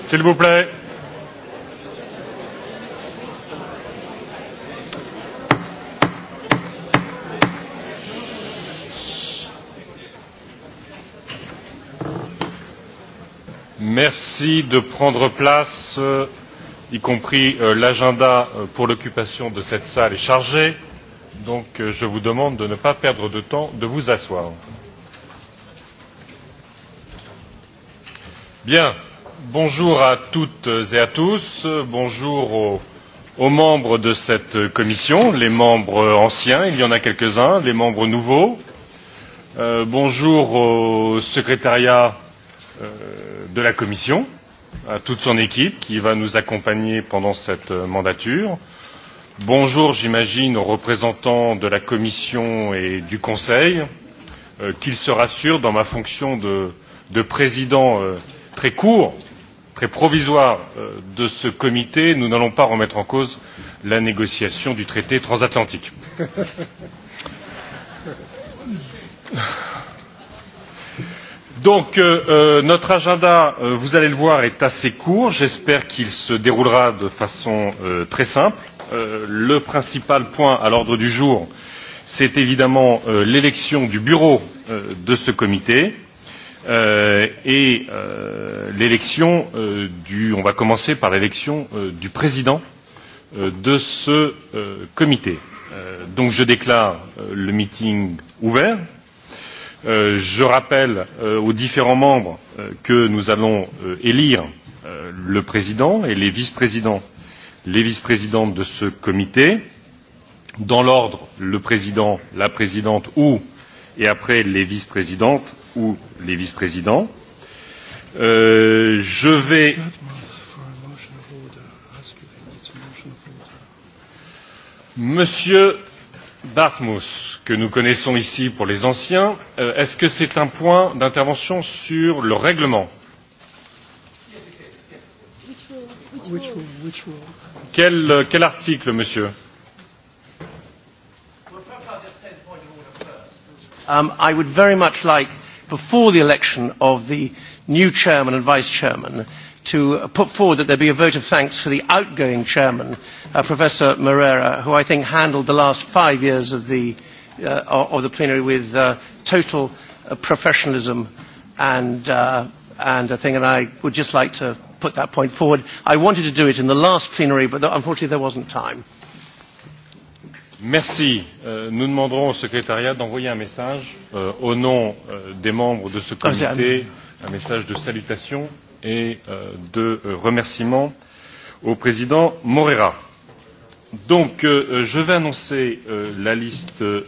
S'il vous plaît. Merci de prendre place, euh, y compris euh, l'agenda euh, pour l'occupation de cette salle est chargée donc euh, je vous demande de ne pas perdre de temps et de vous asseoir. bonjour à toutes et à tous bonjour aux, aux membres de cette commission les membres anciens il y en a quelques uns les membres nouveaux euh, bonjour au secrétariat euh, de la commission à toute son équipe qui va nous accompagner pendant cette mandature et bonjour, j'imagine, aux représentants de la Commission et du Conseil, euh, qu'ils se rassurent dans ma fonction de, de président euh, très court, très provisoire euh, de ce comité, nous n'allons pas remettre en cause la négociation du traité transatlantique. Donc, euh, euh notre agenda, euh, vous allez le voir, est assez court. J'espère qu'il se déroulera de façon euh, très simple. Euh, le principal point à l'ordre du jour c'est évidemment euh, l'élection du bureau euh, de ce comité et l'élection on va commencer par l'élection du président de ce comité. donc je déclare le meeting ouvert. je rappelle aux différents membres que nous allons élire le président et les vice présidents les vice présidentes de ce comité dans l'ordre le président la présidente ou et après les vice présidentes ou les vice présidents. Euh, Monsieur Bartmus, que nous connaissons ici pour les anciens, euh, est ce que c'est un point d'intervention sur le règlement? which rule? Which rule? Quel, euh, quel article, monsieur um, I would very much like, before the election of the new chairman and vice chairman, to put forward that there be a vote of thanks for the outgoing chairman, uh, Professor Moreira, who I think handled the last five years of the, uh, of the plenary with uh, total uh, professionalism and, uh, and a thing. And I would just like to put that point forward. I wanted to do it in the last plenary, but unfortunately there wasn't time. Merci. Euh, nous demanderons au secrétariat d'envoyer un message euh, au nom euh, des membres de ce ah, comité, un message de salutation et euh, de euh, remerciement au président Moreira. Donc, euh, euh, je vais annoncer euh, la liste euh,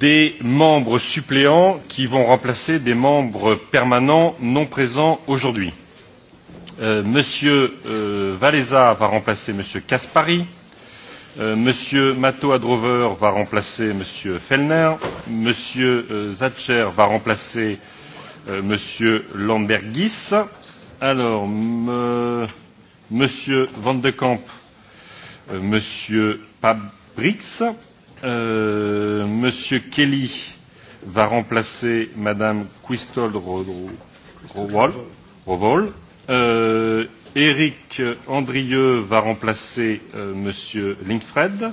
des membres suppléants qui vont remplacer des membres permanents non présents aujourd'hui. Euh, m. wasa euh, va remplacer m. caspary euh, m. mato adrover va remplacer m. fjellner m. sncher va remplacer m. lambergis m. van de camp m. pabriks m. kelly va remplacer mme quisthoudt rowohl Euh, éric andrieux va remplacer euh, m. linkfred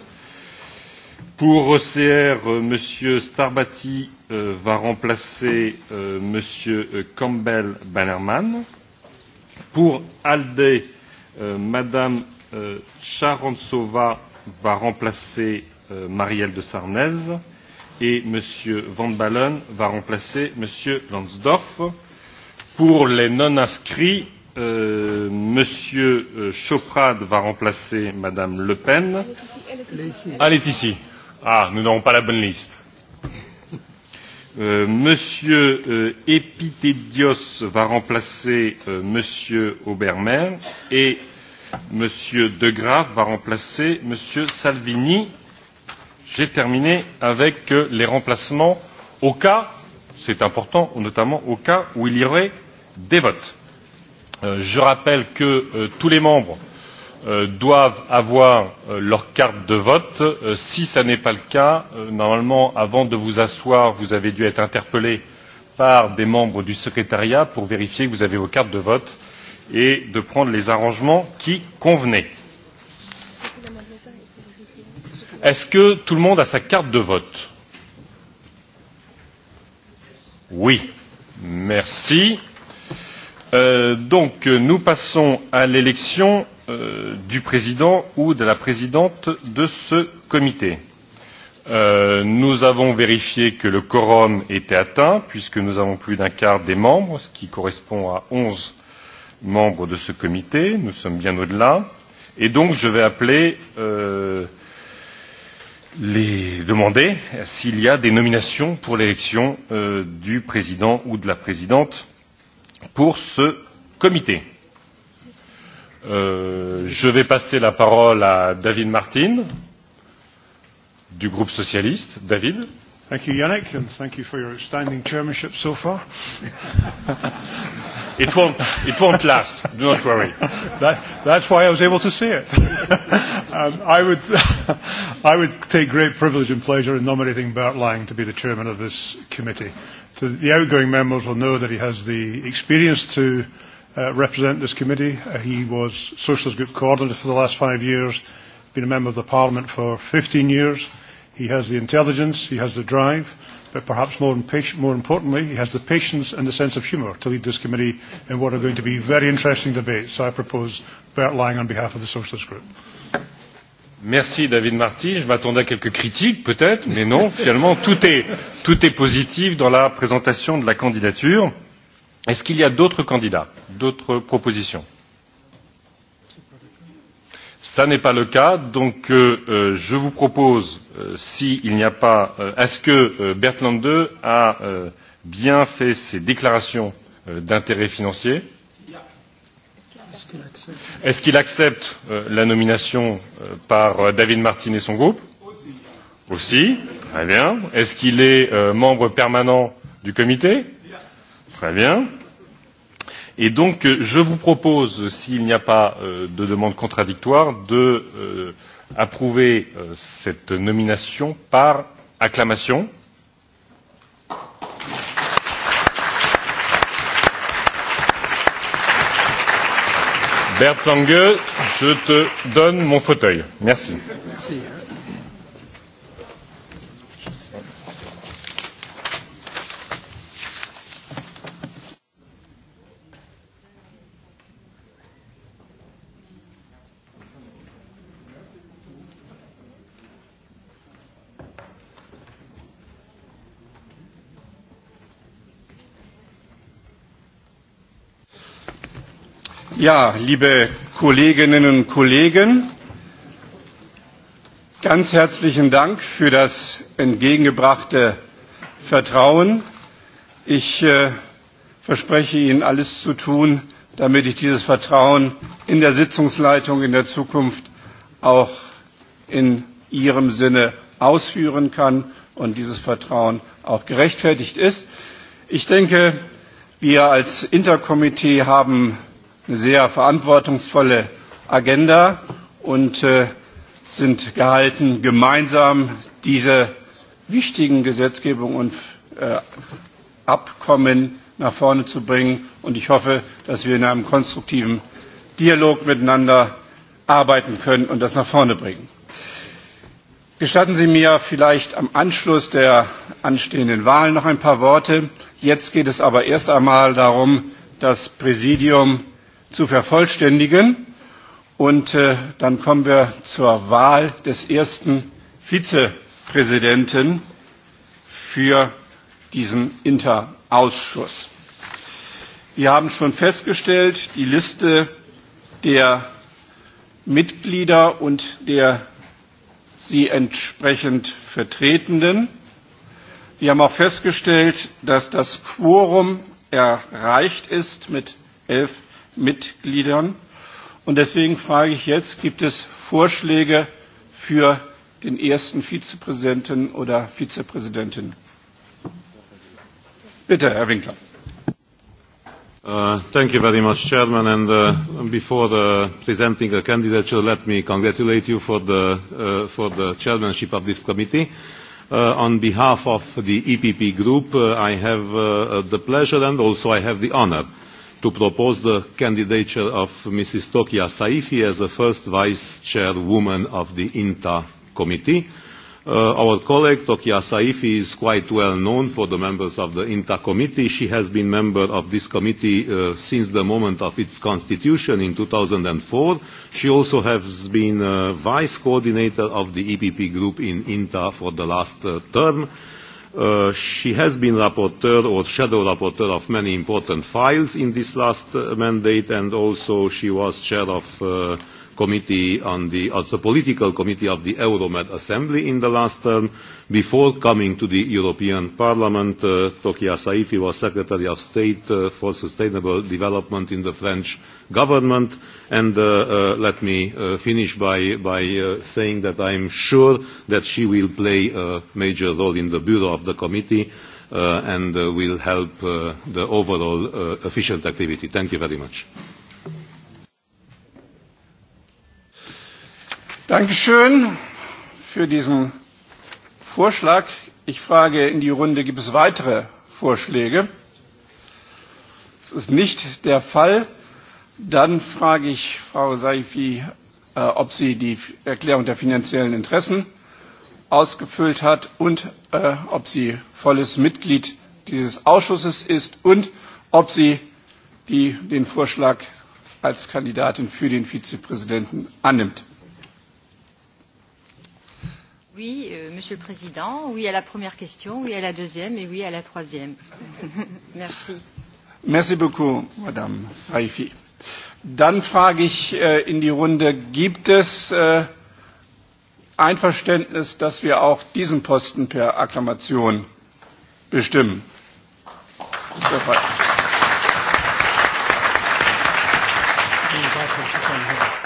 pour ecr euh, m. starbatty va remplacer m. campbell bannerman pour alde mme charantsova va remplacer marielle de sarnez et m. van baalen va remplacer m. lambsdorff. pour les non inscrits Euh, monsieur euh, chauprade va remplacer madame le pen elle est ici ah nous n'aurons pas la bonne liste euh, monsieur euh, Epitédios va remplacer euh, monsieur Obermer et monsieur De Graaf va remplacer monsieur Salvini. J'ai terminé avec euh, les remplacements au cas, c'est important, notamment au cas où il y aurait des votes. Euh, je rappelle que euh, tous les membres euh, doivent avoir leur carte de vote. si ce n'est pas le cas normalement avant de vous asseoir vous avez dû être interpellé par des membres du secrétariat pour vérifier que vous aviez vos cartes de vote et prendre les arrangements qui convenaient. est ce que tout le monde a sa carte de vote? oui merci. Euh, donc nous passons à l'élection euh, du président ou de la présidente de ce comité. Euh, nous avons vérifié que le quorum était atteint puisque nous avons plus d'un quart des membres ce qui correspond à onze membres de ce comité nous sommes bien au delà et donc je vais appeler les demander s'il y a des nominations pour l'élection du président ou de la présidente pour ce comité. Euh, je vais passer la parole à David Martin du groupe socialiste. David. Thank you, Yannick, and thank you for your outstanding chairmanship so far. it won't, it won't last. Do not worry. That, that's why I was able to say it. um, I, would, I would take great privilege and pleasure in nominating Bert Lang to be the chairman of this committee. To the outgoing members will know that he has the experience to uh, represent this committee. Uh, he was Socialist Group coordinator for the last five years, been a member of the Parliament for 15 years. He has the intelligence, he has the drive but perhaps more, more importantly, he has the patience and the sense of humour to lead this committee in what are going to be very interesting debates. So I propose Bert Lang on behalf of the Socialist Group. Merci David Marty. Je m'attendais à quelques critiques, peut-être, mais non. Finalement, tout est, tout est positif dans la présentation de la candidature. Est-ce qu'il y a d'autres candidats, d'autres propositions? ce n'est pas le cas donc euh, euh, je vous propose euh, s'il n'y a pas est ce que bernd lange a bien fait ses déclarations d'intérêts financiers? est ce qu'il accepte la nomination par david martin et son groupe? aussi. très bien. est ce qu'il est membre permanent du comité? très bien et donc euh, je vous propose s'il n'y a pas euh, de demandes contradictoires d'approuver euh, cette nomination par acclamation bernd lange je te donne mon fauteuil merci. Ja, liebe Kolleginnen und Kollegen, ganz herzlichen Dank für das entgegengebrachte Vertrauen. Ich äh, verspreche Ihnen, alles zu tun, damit ich dieses Vertrauen in der Sitzungsleitung in der Zukunft auch in Ihrem Sinne ausführen kann und dieses Vertrauen auch gerechtfertigt ist. Ich denke, wir als Interkomitee haben eine sehr verantwortungsvolle Agenda und äh, sind gehalten, gemeinsam diese wichtigen Gesetzgebungen und äh, Abkommen nach vorne zu bringen. Und ich hoffe, dass wir in einem konstruktiven Dialog miteinander arbeiten können und das nach vorne bringen. Gestatten Sie mir vielleicht am Anschluss der anstehenden Wahlen noch ein paar Worte. Jetzt geht es aber erst einmal darum, das Präsidium zu vervollständigen. Und äh, dann kommen wir zur Wahl des ersten Vizepräsidenten für diesen Interausschuss. Wir haben schon festgestellt, die Liste der Mitglieder und der sie entsprechend Vertretenden. Wir haben auch festgestellt, dass das Quorum erreicht ist mit elf Mitgliedern. Und deswegen frage ich jetzt, gibt es Vorschläge für den ersten Vizepräsidenten oder Vizepräsidentin? Bitte, Herr Winkler. Uh, thank you very much, Chairman. And uh, before uh, presenting the candidature, let me congratulate you for the, uh, for the chairmanship of this committee. Uh, on behalf of the EPP group, uh, I have uh, the pleasure and also I have the honor uh, to propose the candidature of Mrs. Tokia Saifi as the first vice chairwoman of the INTA committee. Uh, our colleague Tokia Saifi is quite well known for the members of the INTA committee. She has been member of this committee uh, since the moment of its constitution in 2004. She also has been uh, vice coordinator of the EPP group in INTA for the last uh, term. Uh, she has been rapporteur or shadow rapporteur of many important files in this last uh, mandate and also she was chair of uh, committee on the, as a political committee of the Euromed Assembly in the last term. Before coming to the European Parliament, uh, Tokia Saifi was Secretary of State uh, for Sustainable Development in the French government. And uh, uh, let me uh, finish by, by uh, saying that I am sure that she will play a major role in the Bureau of the Committee. Uh, and uh, will help uh, the overall uh, efficient activity. Thank you very much. Dankeschön für diesen Vorschlag. Ich frage in die Runde, gibt es weitere Vorschläge? Das ist nicht der Fall. Dann frage ich Frau Saifi, äh, ob sie die Erklärung der finanziellen Interessen ausgefüllt hat und äh, ob sie volles Mitglied dieses Ausschusses ist und ob sie die, den Vorschlag als Kandidatin für den Vizepräsidenten annimmt. Oui, euh, Monsieur le Président, oui à la première question, oui à la deuxième et oui à la troisième. Merci. Merci beaucoup, Madame Saifi. Dann frage ich äh, in die Runde, gibt es äh, Einverständnis, dass wir auch diesen Posten per Akklamation bestimmen?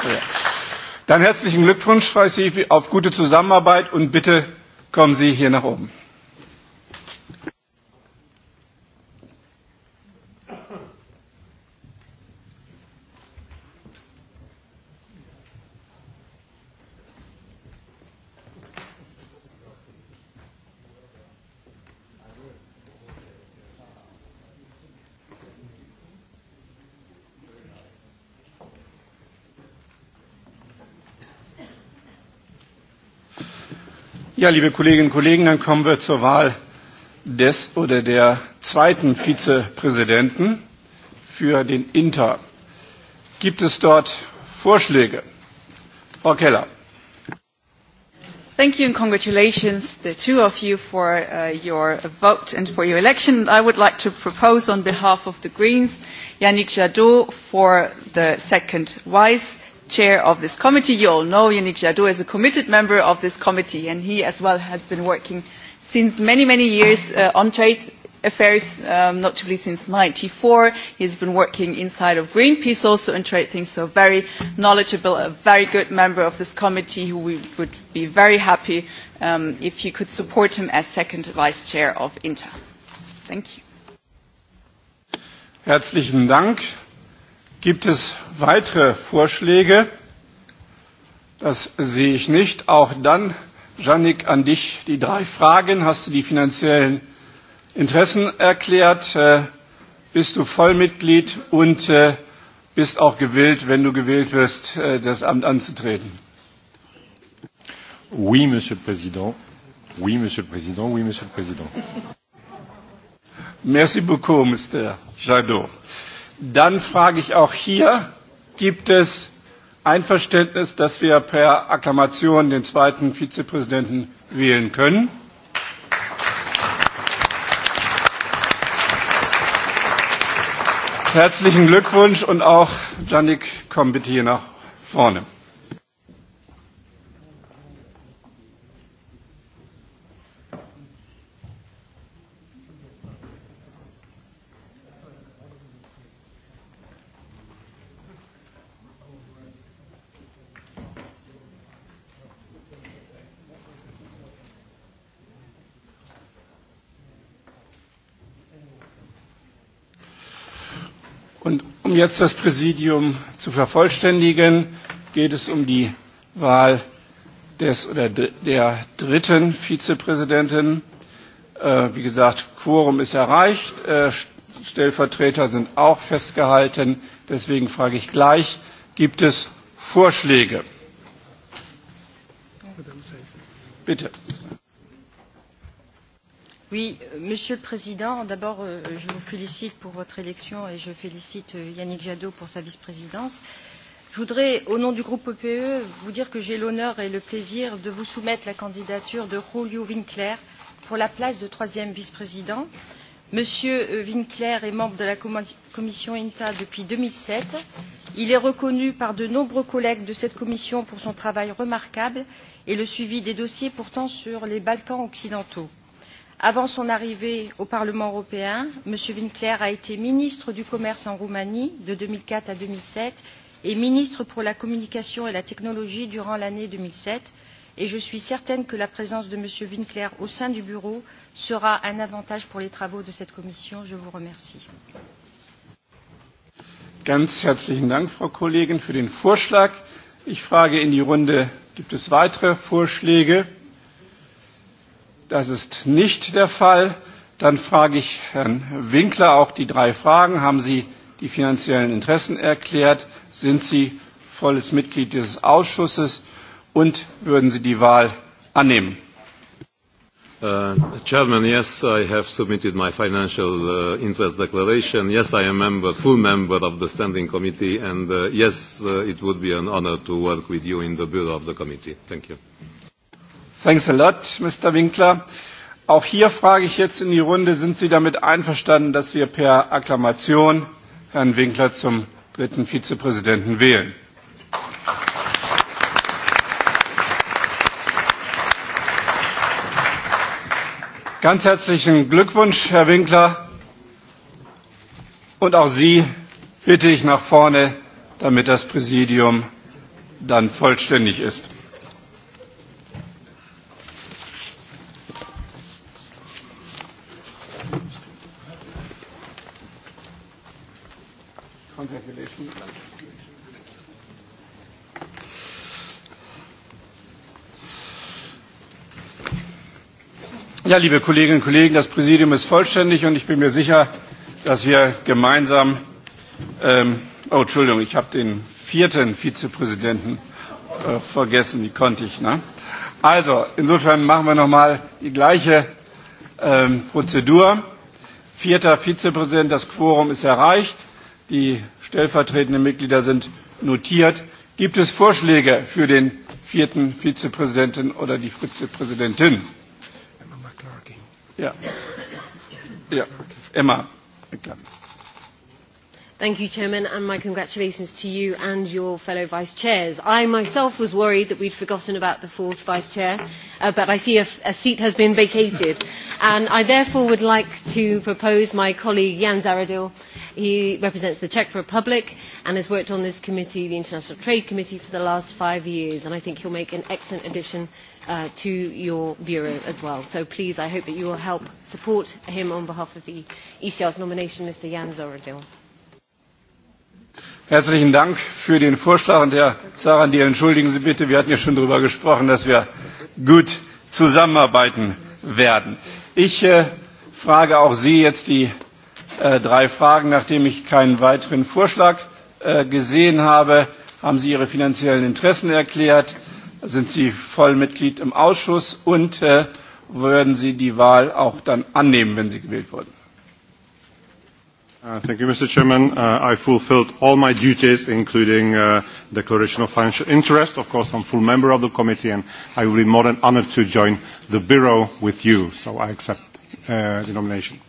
Ja dann herzlichen glückwunsch frau safi auf gute zusammenarbeit und bitte kommen sie hier nach oben. Ja, liebe Kolleginnen und Kollegen, dann kommen wir zur Wahl des oder der zweiten Vizepräsidenten für den Inter. Gibt es dort Vorschläge? Frau Keller. Thank you and congratulations the two of you for uh, your vote and for your election. I would like to propose on behalf of the Greens Yannick Jadot for the second vice chair of this committee you all know yannick jadot is a committed member of this committee and he as well has been working for many many years uh, on trade affairs um, notably since. one thousand nine hundred and ninety four he has been working inside of greenpeace also on trade things so very knowledgeable a very good member of this committee who we would be very happy um, if you could support him as second vice chair of inta. thank you. Gibt es weitere Vorschläge? Das sehe ich nicht. Auch dann, Janik, an dich die drei Fragen. Hast du die finanziellen Interessen erklärt? Äh, bist du Vollmitglied und äh, bist auch gewillt, wenn du gewählt wirst, äh, das Amt anzutreten? Oui, Monsieur le Président. Oui, Monsieur le Président. Oui, Monsieur le Président. Merci beaucoup, Mr. Jadot dann frage ich auch hier, gibt es Einverständnis, dass wir per Akklamation den zweiten Vizepräsidenten wählen können? Applaus Herzlichen Glückwunsch und auch Janik, komm bitte hier nach vorne. Applaus jetzt das Präsidium zu vervollständigen, geht es um die Wahl des oder der dritten Vizepräsidentin. Äh, wie gesagt, Quorum ist erreicht, äh, Stellvertreter sind auch festgehalten. Deswegen frage ich gleich, gibt es Vorschläge? Bitte. Das Euh, monsieur le président d'abord euh, euh, je vous félicite pour votre élection et je félicite yannick jadot pour sa vice présidence. je voudrais au nom du groupe ppe e, vous dire que j'ai l'honneur et le plaisir de vous soumettre la candidature de julio winkler pour la place de troisième vice président. m. winkler est membre de la commission inta depuis. deux mille sept il est reconnu par de nombreux collègues de cette commission pour son travail remarquable et le suivi des dossiers portant sur les balkans occidentaux avant son arrivée au parlement européen m. winkler a été ministre du commerce en roumanie de deux mille quatre à deux mille sept et ministre pour la communication et la technologie durant l'année deux mille sept et je suis certaine que la présence de m. winkler au sein du bureau sera un avantage pour les travaux de cette commission. je vous remercie. Ganz herzlichen Dank, Frau Kollegin, für den Vorschlag. Ich frage in die Runde, gibt es weitere Vorschläge? Das ist nicht der Fall. Dann frage ich Herrn Winkler auch die drei Fragen. Haben Sie die finanziellen Interessen erklärt? Sind Sie volles Mitglied dieses Ausschusses? Und würden Sie die Wahl annehmen? Uh, Chairman, yes, I have submitted my financial uh, interest declaration. Yes, I am a member, full member of the Standing Committee. And uh, yes, uh, it would be an honor to work with you in the Bureau of the Committee. Thank you. Thanks a lot, Mr. Winkler. Auch hier frage ich jetzt in die Runde, sind Sie damit einverstanden, dass wir per Akklamation Herrn Winkler zum dritten Vizepräsidenten wählen? Ganz herzlichen Glückwunsch, Herr Winkler. Und auch Sie bitte ich nach vorne, damit das Präsidium dann vollständig ist. Herr Gelesen. Ja, liebe Kolleginnen und Kollegen, das Präsidium ist vollständig und ich bin mir sicher, dass wir gemeinsam ähm, oh, Entschuldigung, ich habe den vierten Vizepräsidenten äh, vergessen, wie konnte ich, ne? Also, insofern machen wir nochmal die gleiche ähm, Prozedur. Vierter Vizepräsident, das Quorum ist erreicht die stellvertretenden Mitglieder sind notiert. Gibt es Vorschläge für den vierten Vizepräsidenten oder die Vizepräsidentin? Emma McLaren. Ja. ja, Emma McLaren. Thank you, Chairman, and my congratulations to you and your fellow vice chairs. I myself was worried that we'd forgotten about the fourth vice chair, uh, but I see a, a seat has been vacated. And I therefore would like to propose my colleague Jan Zaradil. He represents the Czech Republic and has worked on this committee, the International Trade Committee, for the last five years. And I think he'll make an excellent addition uh, to your bureau as well. So please, I hope that you will help support him on behalf of the ECR's nomination, Mr. Jan Zoradil. Herzlichen Dank für den Vorschlag. Und Herr Zarandi, entschuldigen Sie bitte, wir hatten ja schon darüber gesprochen, dass wir gut zusammenarbeiten werden. Ich äh, frage auch Sie jetzt die Äh, drei Fragen. Nachdem ich keinen weiteren Vorschlag äh, gesehen habe, haben Sie Ihre finanziellen Interessen erklärt? Sind Sie Vollmitglied im Ausschuss? Und äh, würden Sie die Wahl auch dann annehmen, wenn Sie gewählt wurden? Uh, thank you, Mr. Chairman. Uh, I fulfilled all my duties, including uh, declaration of financial interest. Of course, I'm full member of the committee, and I would be more than honored to join the Bureau with you. So I accept uh, the nomination.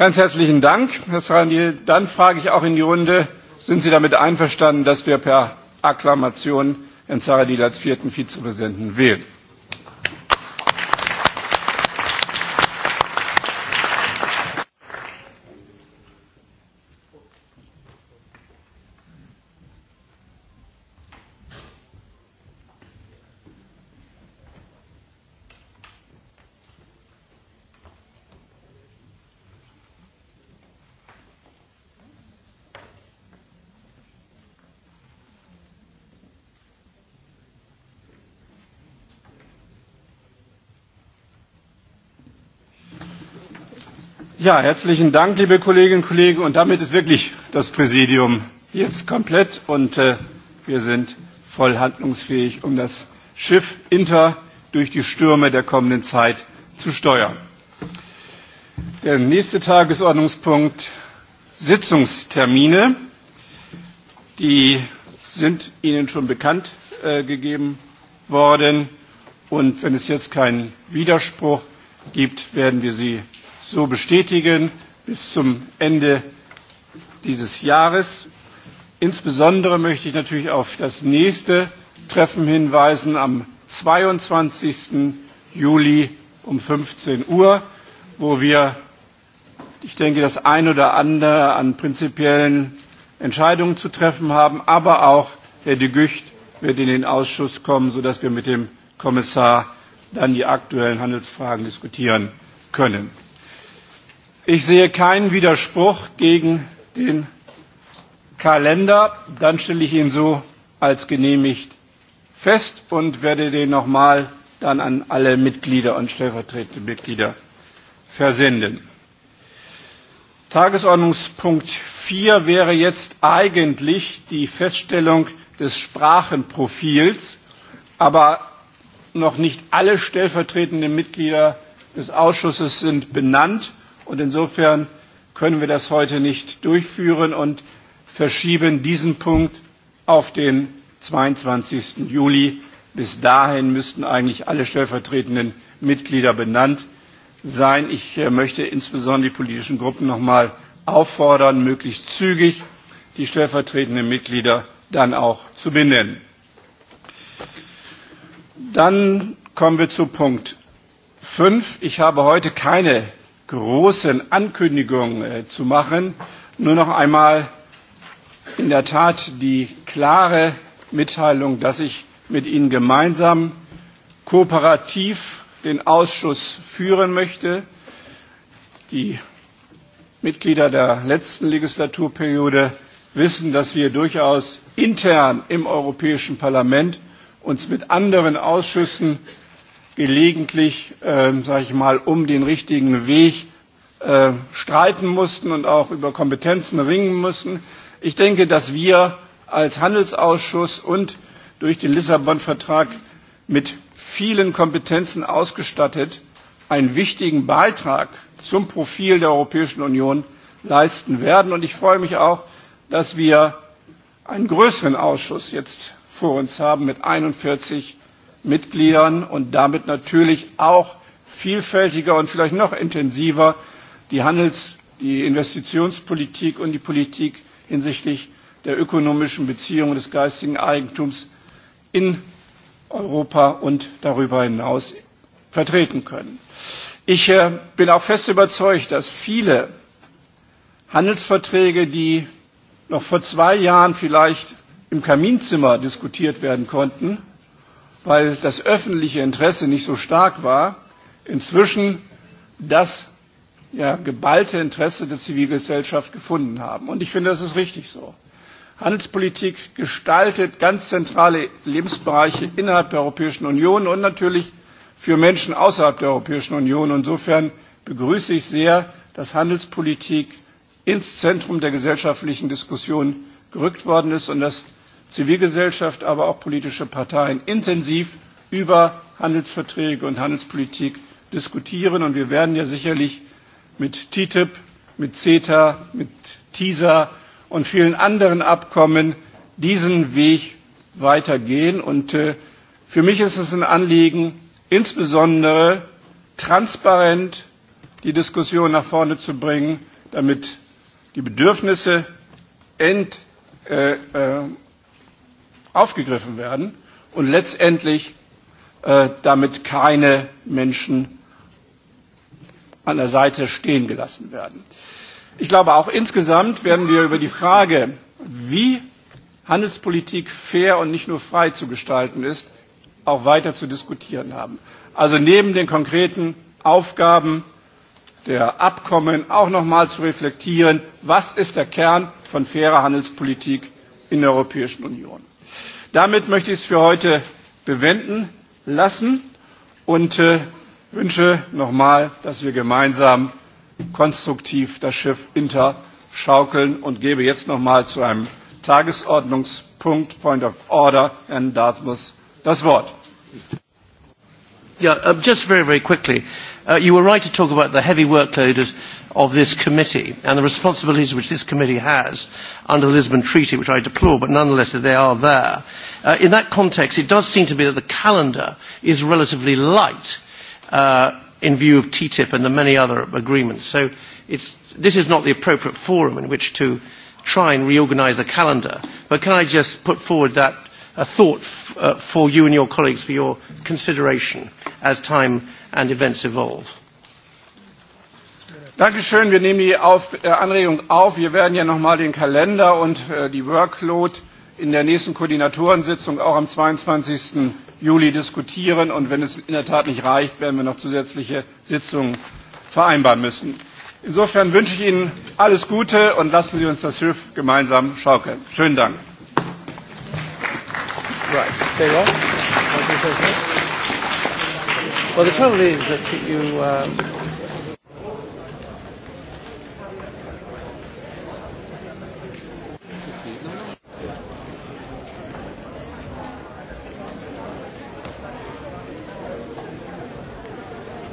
Ganz herzlichen Dank, Herr Sranil. Dann frage ich auch in die Runde, sind Sie damit einverstanden, dass wir per Akklamation Herrn Saradil als vierten Vizepräsidenten wählen? Ja, herzlichen Dank, liebe Kolleginnen und Kollegen. Und damit ist wirklich das Präsidium jetzt komplett und äh, wir sind voll handlungsfähig, um das Schiff Inter durch die Stürme der kommenden Zeit zu steuern. Der nächste Tagesordnungspunkt Sitzungstermine. Die sind Ihnen schon bekannt äh, gegeben worden. Und wenn es jetzt keinen Widerspruch gibt, werden wir sie so bestätigen bis zum Ende dieses Jahres. Insbesondere möchte ich natürlich auf das nächste Treffen hinweisen am 22. Juli um 15 Uhr, wo wir, ich denke, das ein oder andere an prinzipiellen Entscheidungen zu treffen haben, aber auch Herr de Gucht wird in den Ausschuss kommen, sodass wir mit dem Kommissar dann die aktuellen Handelsfragen diskutieren können. Ich sehe keinen Widerspruch gegen den Kalender. Dann stelle ich ihn so als genehmigt fest und werde den nochmal dann an alle Mitglieder und stellvertretende Mitglieder versenden. Tagesordnungspunkt 4 wäre jetzt eigentlich die Feststellung des Sprachenprofils, aber noch nicht alle stellvertretenden Mitglieder des Ausschusses sind benannt. Und insofern können wir das heute nicht durchführen und verschieben diesen Punkt auf den 22. Juli. Bis dahin müssten eigentlich alle stellvertretenden Mitglieder benannt sein. Ich äh, möchte insbesondere die politischen Gruppen noch einmal auffordern, möglichst zügig die stellvertretenden Mitglieder dann auch zu benennen. Dann kommen wir zu Punkt 5. Ich habe heute keine großen Ankündigung äh, zu machen. Nur noch einmal in der Tat die klare Mitteilung, dass ich mit Ihnen gemeinsam kooperativ den Ausschuss führen möchte. Die Mitglieder der letzten Legislaturperiode wissen, dass wir durchaus intern im Europäischen Parlament uns mit anderen Ausschüssen gelegentlich ähm, sag ich mal, um den richtigen Weg ähm, streiten mussten und auch über Kompetenzen ringen mussten. Ich denke, dass wir als Handelsausschuss und durch den Lissabon Vertrag mit vielen Kompetenzen ausgestattet einen wichtigen Beitrag zum Profil der Europäischen Union leisten werden. Und ich freue mich auch, dass wir einen größeren Ausschuss jetzt vor uns haben mit 41 Mitgliedern und damit natürlich auch vielfältiger und vielleicht noch intensiver die Handels, die Investitionspolitik und die Politik hinsichtlich der ökonomischen Beziehungen des geistigen Eigentums in Europa und darüber hinaus vertreten können. Ich äh, bin auch fest überzeugt, dass viele Handelsverträge, die noch vor zwei Jahren vielleicht im Kaminzimmer diskutiert werden konnten, weil das öffentliche Interesse nicht so stark war, inzwischen das ja, geballte Interesse der Zivilgesellschaft gefunden haben. Und ich finde, das ist richtig so. Handelspolitik gestaltet ganz zentrale Lebensbereiche innerhalb der Europäischen Union und natürlich für Menschen außerhalb der Europäischen Union. Insofern begrüße ich sehr, dass Handelspolitik ins Zentrum der gesellschaftlichen Diskussion gerückt worden ist und dass Zivilgesellschaft, aber auch politische Parteien intensiv über Handelsverträge und Handelspolitik diskutieren. Und wir werden ja sicherlich mit TTIP, mit CETA, mit TISA und vielen anderen Abkommen diesen Weg weitergehen. Und äh, für mich ist es ein Anliegen, insbesondere transparent die Diskussion nach vorne zu bringen, damit die Bedürfnisse end, äh, äh, aufgegriffen werden und letztendlich äh, damit keine Menschen an der Seite stehen gelassen werden. Ich glaube, auch insgesamt werden wir über die Frage, wie Handelspolitik fair und nicht nur frei zu gestalten ist, auch weiter zu diskutieren haben. Also neben den konkreten Aufgaben der Abkommen auch nochmal zu reflektieren, was ist der Kern von fairer Handelspolitik in der Europäischen Union. Damit möchte ich es für heute bewenden lassen und äh, wünsche nochmal, dass wir gemeinsam konstruktiv das Schiff Inter schaukeln und gebe jetzt nochmal zu einem Tagesordnungspunkt, Point of Order, Herrn Dartmouth das Wort. Yeah, um, just very, very quickly. Uh, you were right to talk about the heavy workload of, of this committee and the responsibilities which this committee has under the Lisbon Treaty, which I deplore, but nonetheless they are there. Uh, in that context, it does seem to be that the calendar is relatively light uh, in view of TTIP and the many other agreements. So it's, this is not the appropriate forum in which to try and reorganise the calendar. But can I just put forward that a thought f- uh, for you and your colleagues for your consideration as time and events evolve. Dankeschön. Wir nehmen die auf, äh, Anregung auf. Wir werden ja nochmal den Kalender und äh, die Workload in der nächsten Koordinatorensitzung auch am 22. Juli diskutieren. Und wenn es in der Tat nicht reicht, werden wir noch zusätzliche Sitzungen vereinbaren müssen. Insofern wünsche ich Ihnen alles Gute und lassen Sie uns das Schiff gemeinsam schaukeln. Schönen Dank. Right. Well, the trouble is that you um,